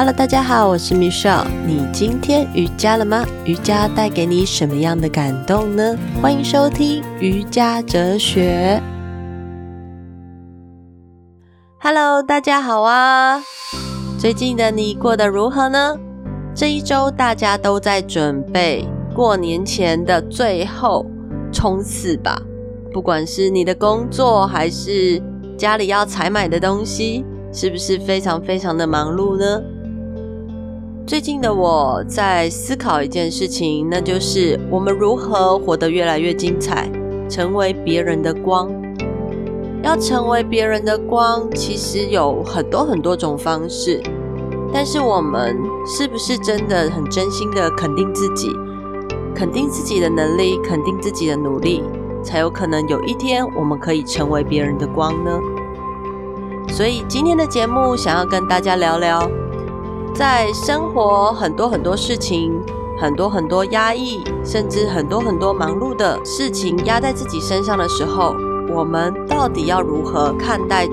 Hello，大家好，我是 Michelle。你今天瑜伽了嗎？瑜伽帶給你什麼樣的感動呢？歡迎收聽瑜伽哲學。Hello，大家好啊！最近的你過得如何呢？這一週大家都在準備過年前的最後衝刺吧。不管是你的工作還是家裡要採買的東西，是不是非常非常的忙碌呢？最近的我在思考一件事情，那就是我們如何活得越來越精彩，成為別人的光。要成為別人的光，其實有很多很多種方式，但是我們是不是真的很真心的肯定自己，肯定自己的能力，肯定自己的努力，才有可能有一天我們可以成為別人的光呢？所以今天的節目想要跟大家聊聊。在生活很多很多事情，很多很多壓抑，甚至很多很多忙碌的事情壓在自己身上的時候，我們到底要如何看待，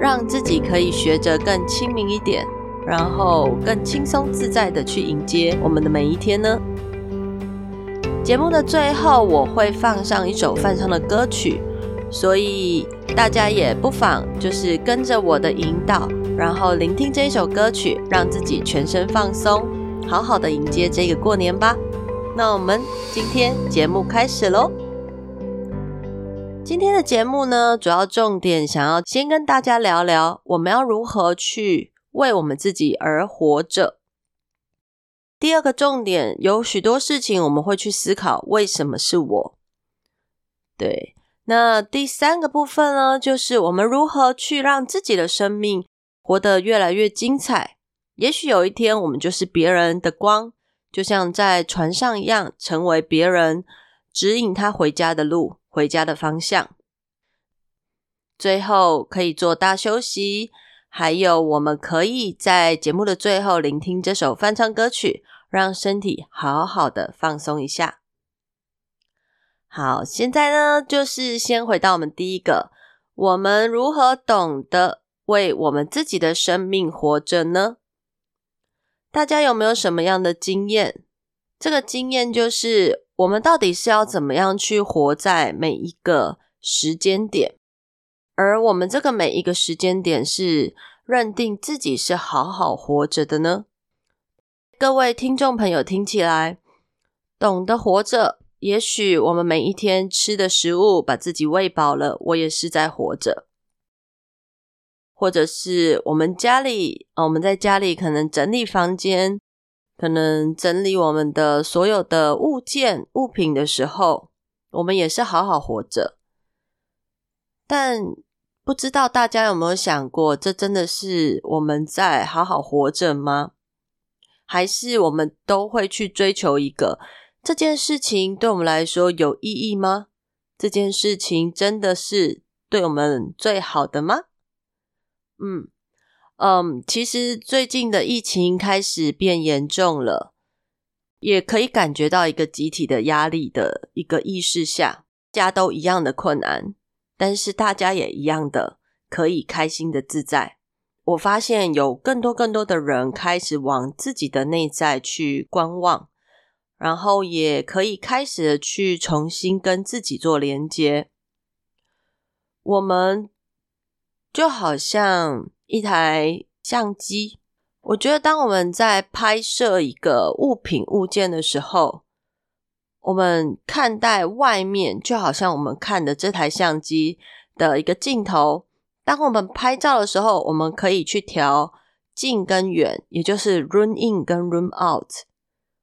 讓自己可以學着更清明一點，然後更輕鬆自在的去迎接我們的每一天呢？節目的最後，我會放上一首翻唱的歌曲，所以大家也不妨就是跟着我的引導。然後聆聽這一首歌曲，讓自己全身放鬆，好好的迎接這個過年吧。那我們今天節目開始嘍。今天的節目呢，主要重點想要先跟大家聊聊，我們要如何去為我們自己而活着。第二個重點，有許多事情我們會去思考，為什麼是我？對，那第三個部分呢，就是我們如何去讓自己的生命。活得越來越精彩。也許有一天，我們就是別人的光，就像在船上一樣，成為別人指引他回家的路、回家的方向。最後可以做大休息，還有我們可以在節目的最後聆聽這首翻唱歌曲，讓身體好好的放鬆一下。好，現在呢，就是先回到我們第一個，我們如何懂得？為我們自己的生命活着呢？大家有沒有什麼樣的經驗？這個經驗就是，我們到底是要怎麼樣去活在每一個時間點？而我們這個每一個時間點，是認定自己是好好活着的呢？各位聽眾朋友，聽起來，懂得活着，也許我們每一天吃的食物，把自己餵飽了，我也是在活着。或者是我們家裡啊，我們在家裡可能整理房間，可能整理我們的所有的物件物品的時候，我們也是好好活着。但不知道大家有沒有想過，這真的是我們在好好活着嗎？還是我們都會去追求一個，這件事情對我們來說有意義嗎？這件事情真的是對我們最好的嗎？嗯嗯，其實最近的疫情開始變嚴重了，也可以感覺到一個集體的壓力的一個意識下，家都一樣的困難，但是大家也一樣的可以開心的自在。我發現有更多更多的人開始往自己的內在去觀望，然後也可以開始去重新跟自己做連接。我們。就好像一台相機，我覺得當我們在拍攝一個物品物件的時候，我們看待外面就好像我們看的這台相機的一個鏡頭。當我們拍照的時候，我們可以去調近跟遠，也就是 zoom in 跟 zoom out。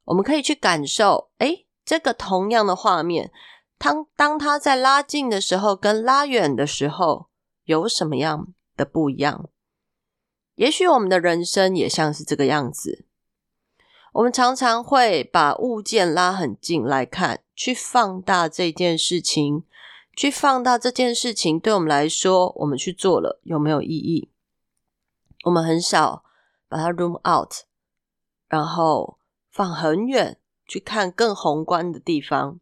我們可以去感受，哎，這個同樣的畫面，當當它在拉近的時候，跟拉遠的時候。有什麼樣的不一樣？也許我們的人生也像是這個樣子。我們常常會把物件拉很近來看，去放大這件事情，去放大這件事情對我們來說，我們去做了有沒有意義？我們很少把它 zoom out，然後放很遠去看更宏觀的地方。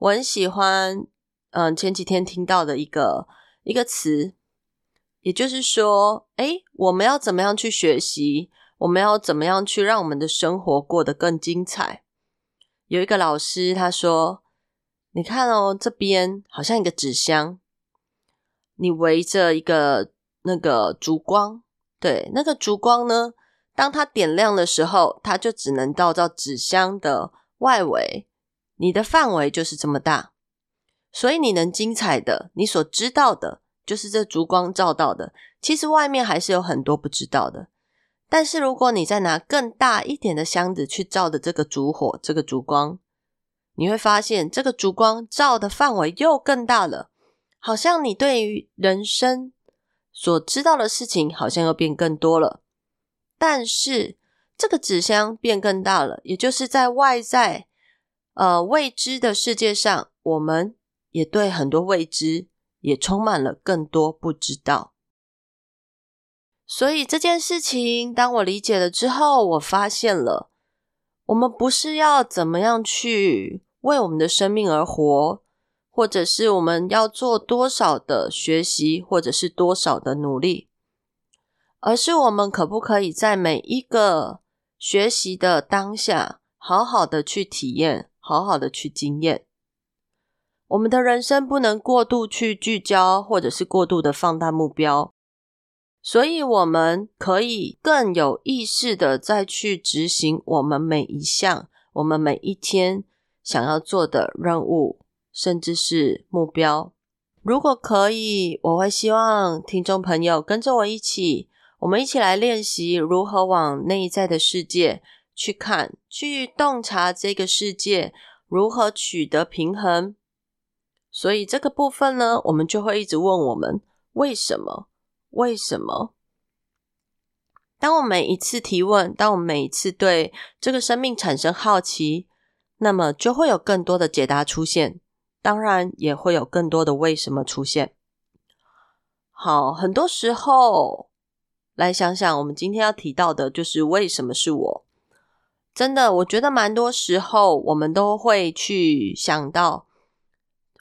我很喜歡，嗯，前幾天聽到的一個。一個詞，也就是說，誒，我們要怎麼樣去學習？我們要怎麼樣去讓我們的生活過得更精彩？有一個老師他說：“你看哦，這邊好像一個紙箱，你圍着一個那個燭光，對，那個燭光呢，當它點亮的時候，它就只能照照紙箱的外圍，你的範圍就是這麼大，所以你能精彩的，你所知道的。”就是這燭光照到的，其實外面還是有很多不知道的。但是如果你再拿更大一點的箱子去照的這個燭火、這個燭光，你會發現這個燭光照的範圍又更大了，好像你對於人生所知道的事情好像又變更多了。但是這個紙箱變更大了，也就是在外在，呃，未知的世界上，我們也對很多未知。也充滿了更多不知道，所以這件事情，當我理解了之後，我發現了，我們不是要怎麼樣去為我們的生命而活，或者是我們要做多少的學習，或者是多少的努力，而是我們可不可以在每一個學習的當下，好好的去體驗，好好的去經驗。我們的人生不能過度去聚焦，或者是過度的放大目標，所以我們可以更有意識的再去執行我們每一項、我們每一天想要做的任務，甚至是目標。如果可以，我會希望聽眾朋友跟着我一起，我們一起來練習如何往內在的世界去看，去洞察這個世界，如何取得平衡。所以這個部分呢，我們就會一直問我們為什麼？為什麼？當我們每一次提問，當我們每一次對這個生命產生好奇，那麼就會有更多的解答出現，當然也會有更多的為什麼出現。好，很多時候來想想，我們今天要提到的就是為什麼是我？真的，我覺得蠻多時候我們都會去想到。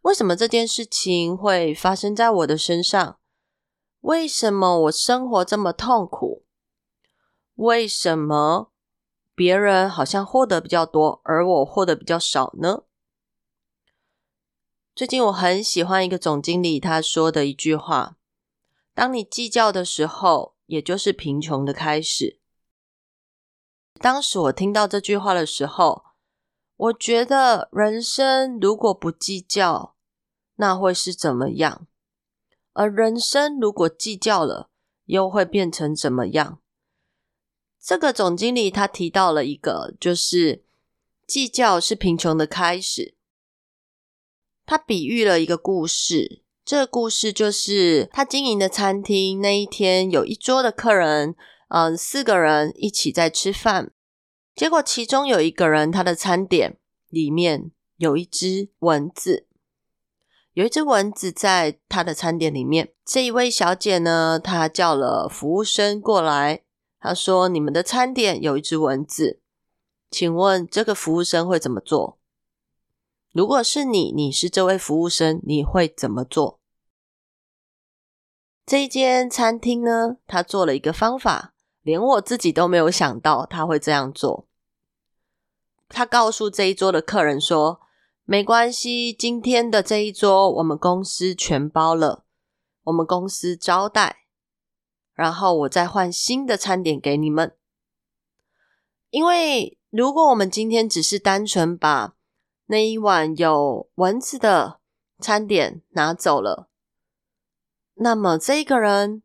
為什麼這件事情會發生在我的身上？為什麼我生活這麼痛苦？為什麼別人，好像獲得比較多，而我獲得比較少呢？最近我很喜歡一個總經理他說的一句話：“當你計較的時候，也就是貧窮的開始。”當時我聽到這句話的時候，我覺得人生如果不計較，那會是怎麼樣？而人生如果計較了，又會變成怎麼樣？這個總經理他提到了一個，就是計較是貧窮的開始。他比喻了一個故事，這個故事就是他經營的餐廳那一天有一桌的客人，嗯、呃，四個人一起在吃飯。結果其中有一個人，他的餐點裡面有一隻蚊子，有一隻蚊子在他的餐點裡面。這一位小姐呢，她叫了服務生過來，她說：“你們的餐點有一隻蚊子，請問這個服務生會怎麼做？如果是你，你是這位服務生，你會怎麼做？”這一間餐廳呢，他做了一個方法，連我自己都沒有想到他會這樣做。他告訴這一桌的客人說：“沒關係，今天的這一桌我們公司全包了，我們公司招待。然後我再換新的餐點給你們。因為如果我們今天只是單純把那一碗有蚊子的餐點拿走了，那麼這個人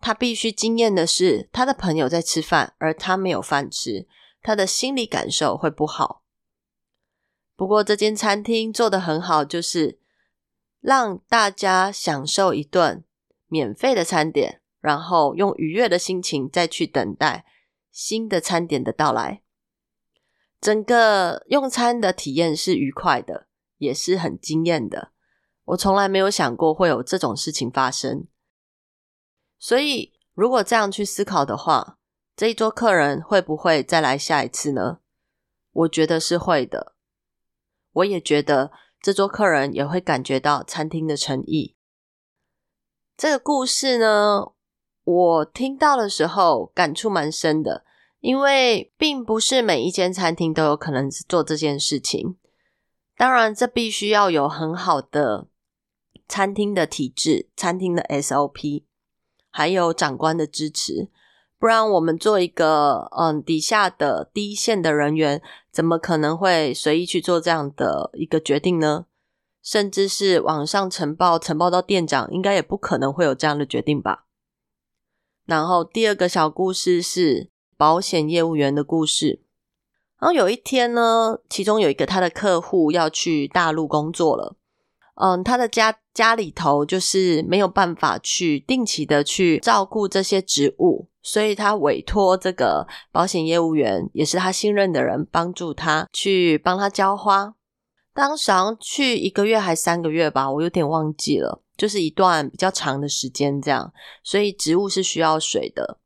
他必須經驗的是，他的朋友在吃飯，而他沒有飯吃。”他的心理感受會不好。不過這間餐廳做得很好，就是讓大家享受一頓免費的餐點，然後用愉悅的心情再去等待新的餐點的到來。整個用餐的體驗是愉快的，也是很驚豔的。我從來沒有想過會有這種事情發生。所以如果這樣去思考的話，這一桌客人會不會再來下一次呢？我覺得是會的。我也覺得這桌客人也會感覺到餐廳的誠意。這個故事呢，我聽到的時候感觸蠻深的，因為並不是每一間餐廳都有可能做這件事情。當然，這必須要有很好的餐廳的體制、餐廳的 SOP，還有長官的支持。不然，我們做一個嗯，底下的第一線的人員，怎麼可能會隨意去做這樣的一個決定呢？甚至是往上呈報，呈報到店長，應該也不可能會有這樣的決定吧。然後第二個小故事是保險業務員的故事。然後有一天呢，其中有一個他的客戶要去大陸工作了，嗯，他的家家裡頭就是沒有辦法去定期的去照顧這些植物。所以他委託這個保險業務員，也是他信任的人，幫助他去幫他澆花。當時要去一個月還三個月吧，我有點忘記了，就是一段比較長的時間這樣。所以植物是需要水的。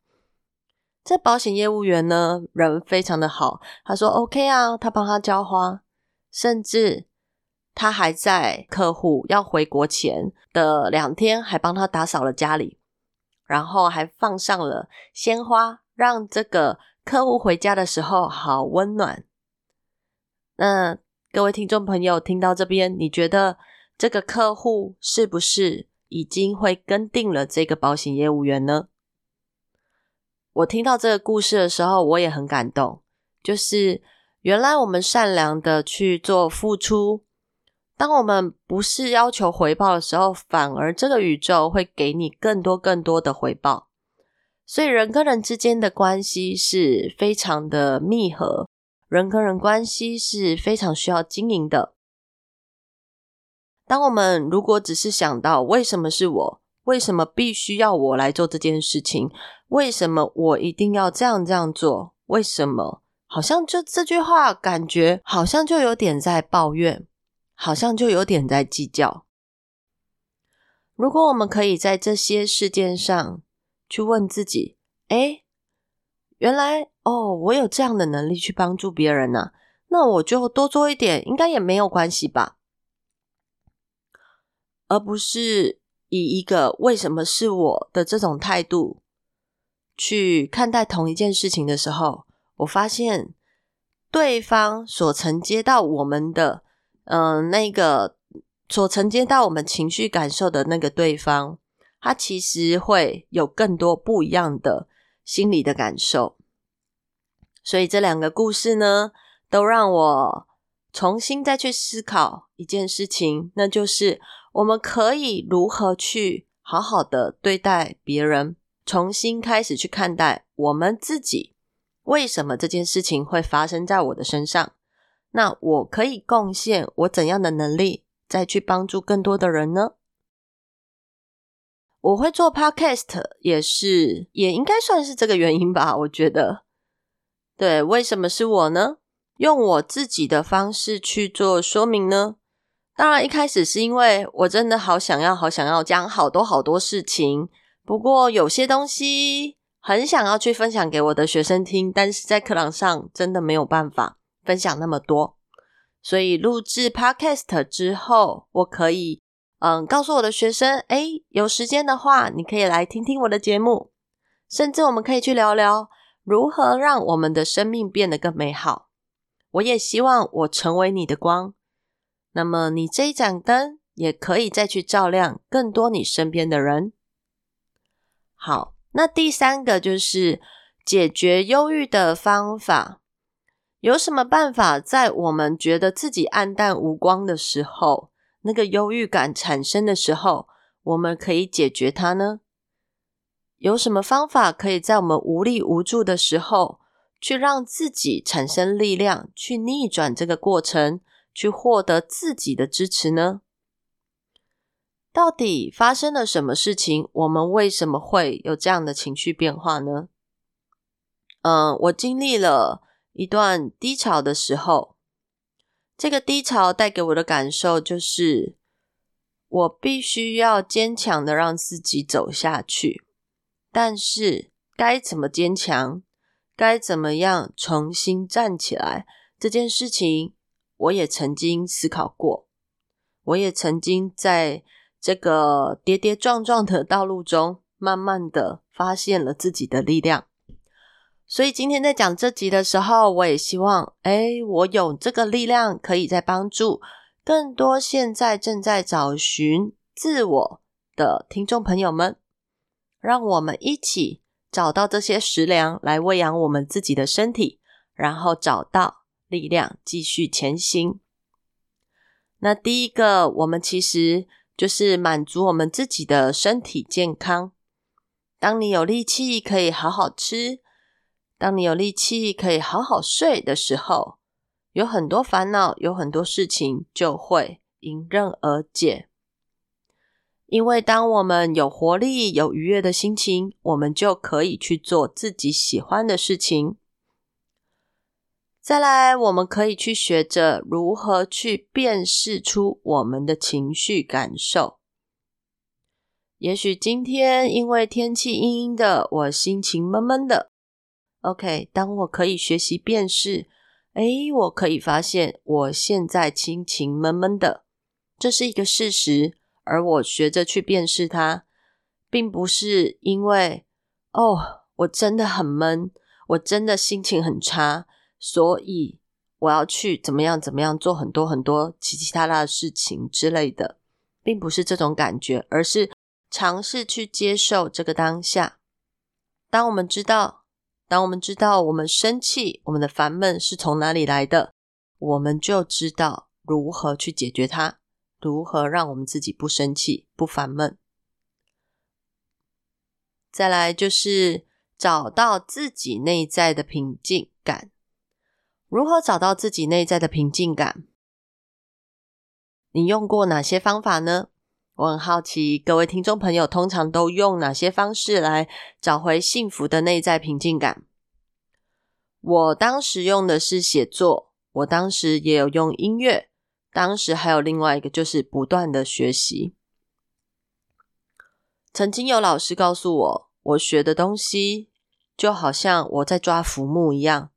這保險業務員呢，人非常的好，他說 OK 啊，他幫他澆花，甚至他還在客戶要回國前的兩天，還幫他打掃了家裡。然後還放上了鮮花，讓這個客戶回家的時候好溫暖。那各位聽眾朋友，聽到這邊，你覺得這個客戶是不是已經會跟定了這個保險業務員呢？我聽到這個故事的時候，我也很感動，就是原來我們善良的去做付出。當我們不是要求回報的時候，反而這個宇宙會給你更多更多的回報。所以人跟人之間的關係是非常的密合，人跟人關係是非常需要經營的。當我們如果只是想到為什麼是我，為什麼必須要我來做這件事情，為什麼我一定要這樣這樣做，為什麼？好像就這句話，感覺好像就有點在抱怨。好像就有點在計較。如果我們可以在這些事件上去問自己：“哎，原來哦，我有這樣的能力去幫助別人呢，那我就多做一點，應該也沒有關係吧。”而不是以一個“為什麼是我的”這種態度去看待同一件事情的時候，我發現對方所承接到我們的。嗯，那個所承接到我們情緒感受的那個對方，他其實會有更多不一樣的心理的感受。所以這兩個故事呢，都讓我重新再去思考一件事情，那就是我們可以如何去好好的對待別人，重新開始去看待我們自己，為什麼這件事情會發生在我的身上？那我可以貢獻我怎樣的能力，再去幫助更多的人呢？我會做 podcast，也是也應該算是這個原因吧，我覺得。對，為什麼是我呢？用我自己的方式去做說明呢？當然，一開始是因為我真的好想要、好想要講好多好多事情。不過，有些東西很想要去分享給我的學生聽，但是在課堂上真的沒有辦法。分享那麼多，所以錄制 Podcast 之後，我可以嗯告訴我的學生，誒，有時間的話，你可以來聽聽我的節目，甚至我們可以去聊聊如何讓我們的生命變得更美好。我也希望我成為你的光，那麼你這一盞燈也可以再去照亮更多你身邊的人。好，那第三個就是解決憂鬱的方法。有什麼辦法在我們覺得自己黯淡無光的時候，那個憂鬱感產生的時候，我們可以解決它呢？有什麼方法可以在我們無力無助的時候，去讓自己產生力量，去逆轉這個過程，去獲得自己的支持呢？到底發生了什麼事情，我們為什麼會有這樣的情緒變化呢？嗯，我經歷了一段低潮的時候，這個低潮帶給我的感受就是，我必須要堅強的讓自己走下去。但是，該怎麼堅強，該怎麼樣重新站起來，這件事情，我也曾經思考過。我也曾經在這個跌跌撞撞的道路中，慢慢的發現了自己的力量。所以今天在講這集的時候，我也希望，誒，我有這個力量，可以再幫助更多現在正在找尋自我的聽眾朋友們。讓我們一起找到這些食糧來餵養我們自己的身體，然後找到力量繼續前行。那第一個，我們其實就是滿足我們自己的身體健康。當你有力氣，可以好好吃。當你有力氣，可以好好睡的時候，有很多煩惱，有很多事情就會迎刃而解。因為當我們有活力、有愉悅的心情，我們就可以去做自己喜歡的事情。再來，我們可以去學着如何去辨識出我們的情緒感受。也許今天因為天氣陰陰的，我心情悶悶的。OK，當我可以學習辨識，誒，我可以發現我現在心情悶悶的，這是一個事實。而我學着去辨識它，並不是因為哦，我真的很悶，我真的心情很差，所以我要去怎麼樣怎麼樣做很多很多其其他的事情之類的，並不是這種感覺，而是嘗試去接受這個當下。當我們知道。當我們知道我們生氣、我們的煩悶是從哪裡來的，我們就知道如何去解決它，如何讓我們自己不生氣、不煩悶。再來就是找到自己內在的平靜感。如何找到自己內在的平靜感？你用過哪些方法呢？我很好奇，各位聽眾朋友通常都用哪些方式來找回幸福的內在平靜感？我當時用的是寫作，我當時也有用音樂，當時還有另外一個就是不斷的學習。曾經有老師告訴我，我學的東西就好像我在抓浮木一樣，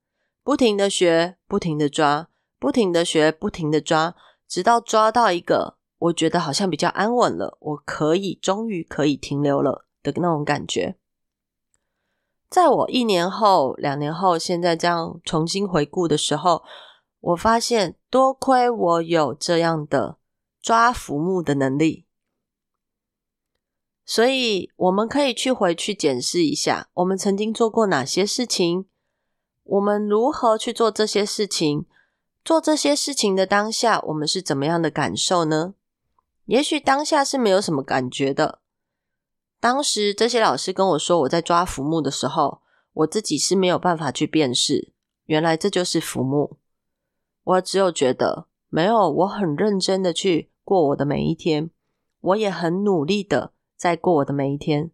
不停的學，不停的抓，不停的學，不停的抓，直到抓到一個。我覺得好像比較安穩了，我可以終於可以停留了的那種感覺。在我一年後、兩年後，現在這樣重新回顧的時候，我發現多虧我有這樣的抓浮木的能力，所以我們可以去回去檢視一下，我們曾經做過哪些事情，我們如何去做這些事情，做這些事情的當下，我們是怎麼樣的感受呢？也許當下是沒有什麼感覺的。當時這些老師跟我說，我在抓浮木的時候，我自己是沒有辦法去辨識，原來這就是浮木。我只有覺得沒有，我很認真的去過我的每一天，我也很努力的在過我的每一天。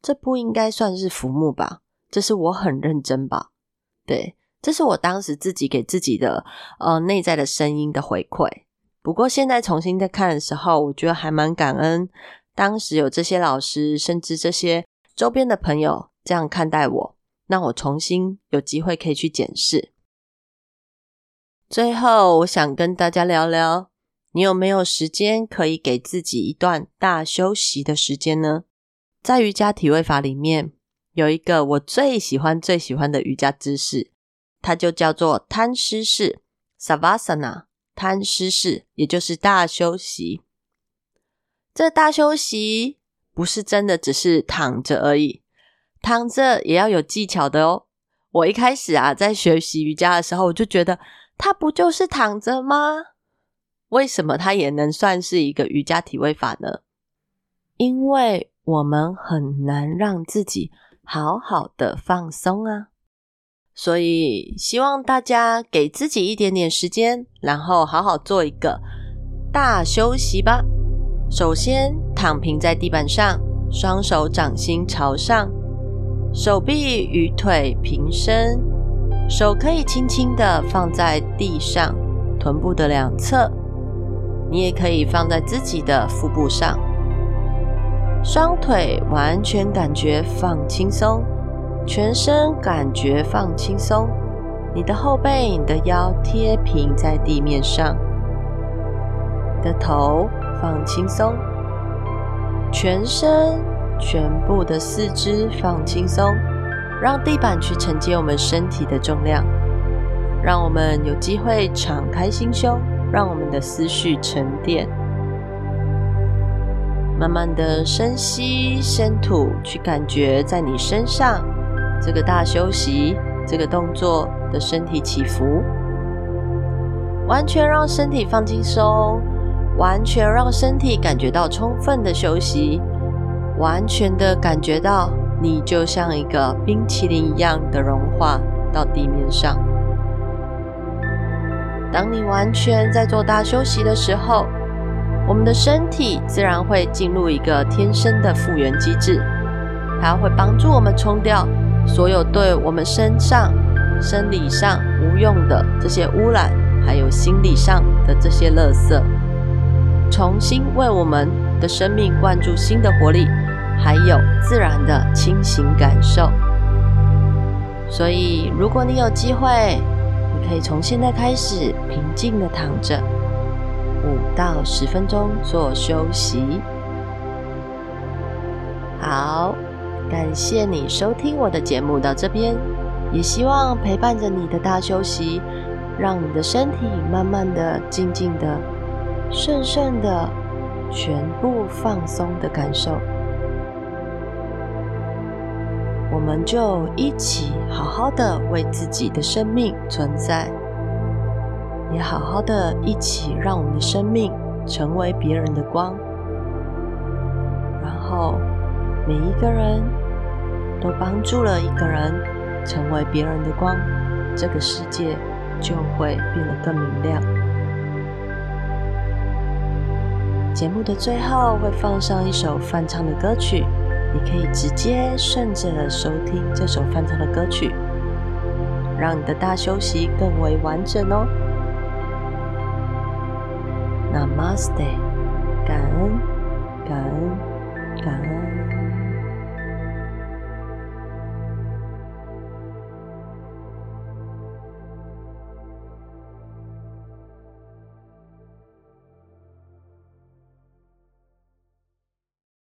這不應該算是浮木吧？這是我很認真吧？對，這是我當時自己給自己的，呃，內在的聲音的回饋。不過現在重新再看的時候，我覺得還蠻感恩，當時有這些老師，甚至這些周邊的朋友這樣看待我，讓我重新有機會可以去檢視。最後，我想跟大家聊聊，你有沒有時間可以給自己一段大休息的時間呢？在瑜伽體位法裡面，有一個我最喜歡最喜歡的瑜伽姿勢，它就叫做攤屍式 （savasana）。攤屍式，也就是大休息。這大休息不是真的只是躺着而已，躺着也要有技巧的哦。我一開始啊，在學習瑜伽的時候，我就覺得它不就是躺着嗎？為什麼它也能算是一個瑜伽體位法呢？因為我們很難讓自己好好的放鬆啊。所以希望大家給自己一點點時間，然後好好做一個大休息吧。首先，躺平在地板上，雙手掌心朝上，手臂與腿平伸，手可以輕輕的放在地上，臀部的兩側，你也可以放在自己的腹部上，雙腿完全感覺放輕鬆。全身感覺放輕鬆，你的後背、你的腰貼平在地面上，你的頭放輕鬆，全身全部的四肢放輕鬆，讓地板去承接我們身體的重量，讓我們有機會敞開心胸，讓我們的思緒沉澱，慢慢的深吸深吐，去感覺在你身上。這個大休息，這個動作的身體起伏，完全讓身體放輕鬆，完全讓身體感覺到充分的休息，完全的感覺到你就像一個冰淇淋一樣的融化到地面上。當你完全在做大休息的時候，我們的身體自然會進入一個天生的復原機制，它會幫助我們沖掉。所有對我們身上、生理上無用的這些污染，還有心理上的這些垃圾，重新為我們的生命灌注新的活力，還有自然的清醒感受。所以，如果你有機會，你可以從現在開始平靜的躺着，五到十分鐘做休息。好。感謝你收聽我的節目到這邊，也希望陪伴着你的大休息，讓你的身體慢慢的、靜靜的、順順的，全部放鬆的感受。我們就一起好好的為自己的生命存在，也好好的一起讓我們的生命成為別人的光。然後每一個人。都幫助了一個人成為別人的光，這個世界就會變得更明亮。節目的最後會放上一首翻唱的歌曲，你可以直接順着收聽這首翻唱的歌曲，讓你的大休息更為完整哦。Namaste，感恩，感恩，感恩。